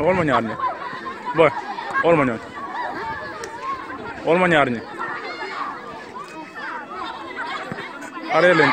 ay ñaar ñi booy xool ma ñooñ xool ñaar ñi aree leen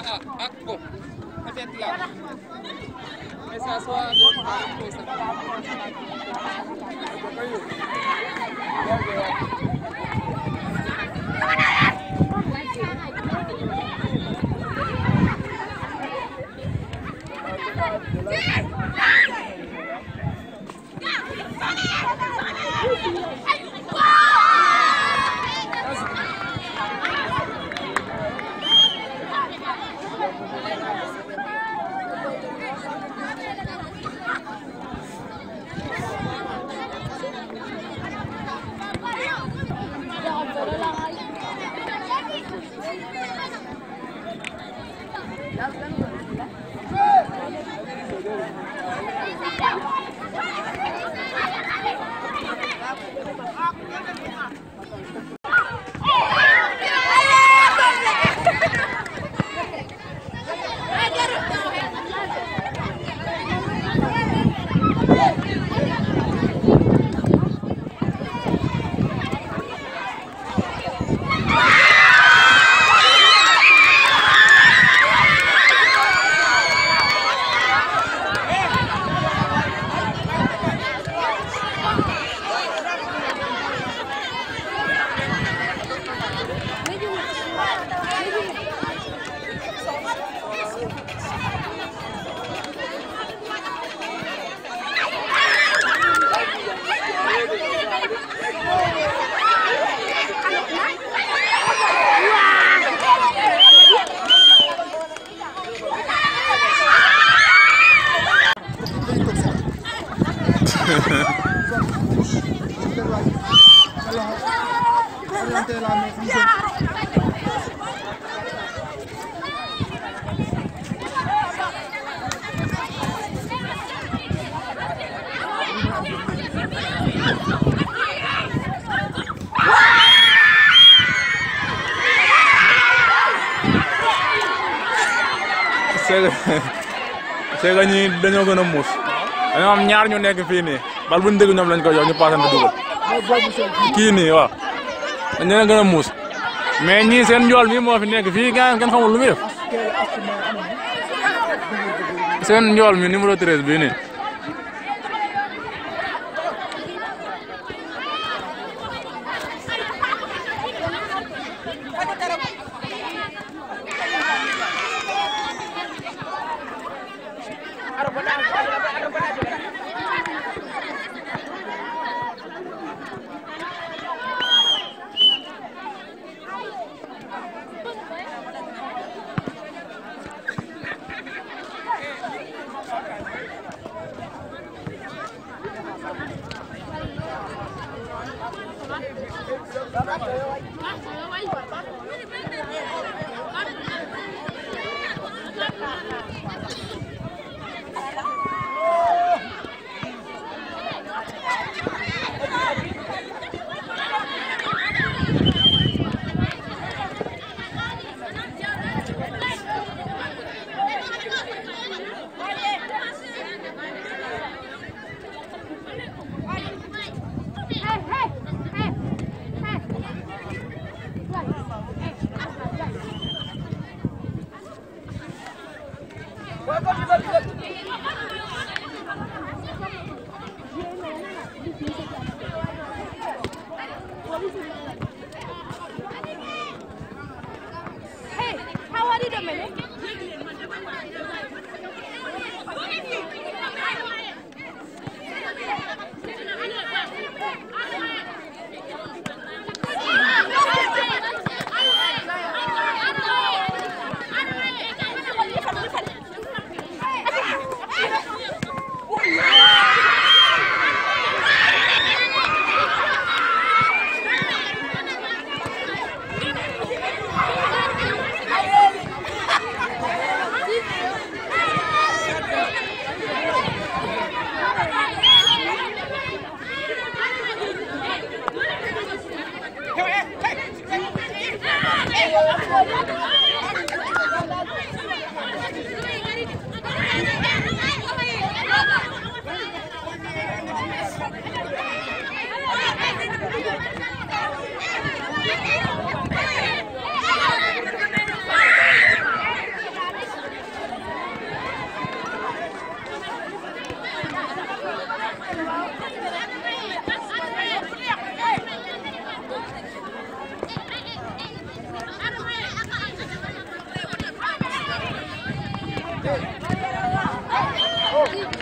Ako. Atet lang. May saswa. Yes! c'est que ñii dañoo gën a muus. dañoo am ñaar ñu nekk fii nii bal bu ñu dégg ñoom lañ ko jox ñu paasante dugal. kii nii waaw. dañ leen muus. mais ñii seen njool bi moo fi nekk fii gars yi kenn xamul lu muy def. njool mi numéro 13 bii nii.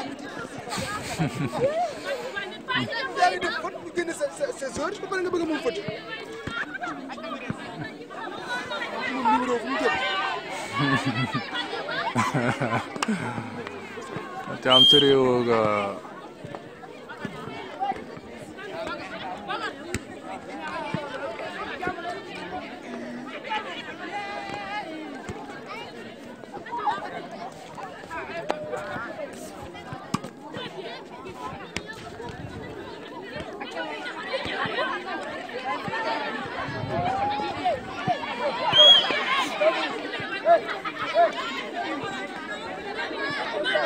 yaa ngi def fot ñu génn sa sa heures ba pare nga bëgg a moom fot moom numéro fu mu jëm te am sérieux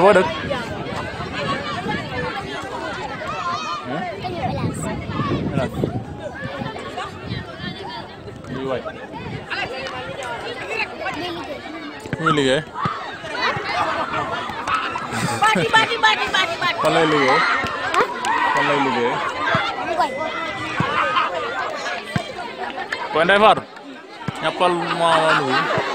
booy boo dëkk. muy waay. muy liggéey. fan lay liggéey. fan lay liggéey. koy ndey faatu ñappal maa maa